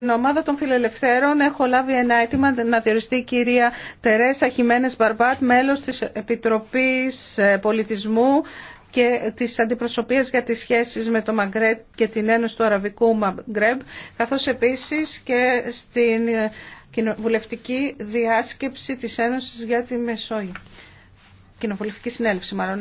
Στην ομάδα των φιλελευθέρων έχω λάβει ένα αίτημα να διοριστεί η κυρία Τερέσα Χιμένες Μπαρμπάτ, μέλος της Επιτροπής ε, Πολιτισμού και της Αντιπροσωπείας για τις σχέσεις με το Μαγκρέτ και την Ένωση του Αραβικού Μαγκρέμπ, καθώς επίσης και στην ε, κοινοβουλευτική διάσκεψη της Ένωσης για τη Μεσόγειο. Κοινοβουλευτική συνέλευση μάλλον.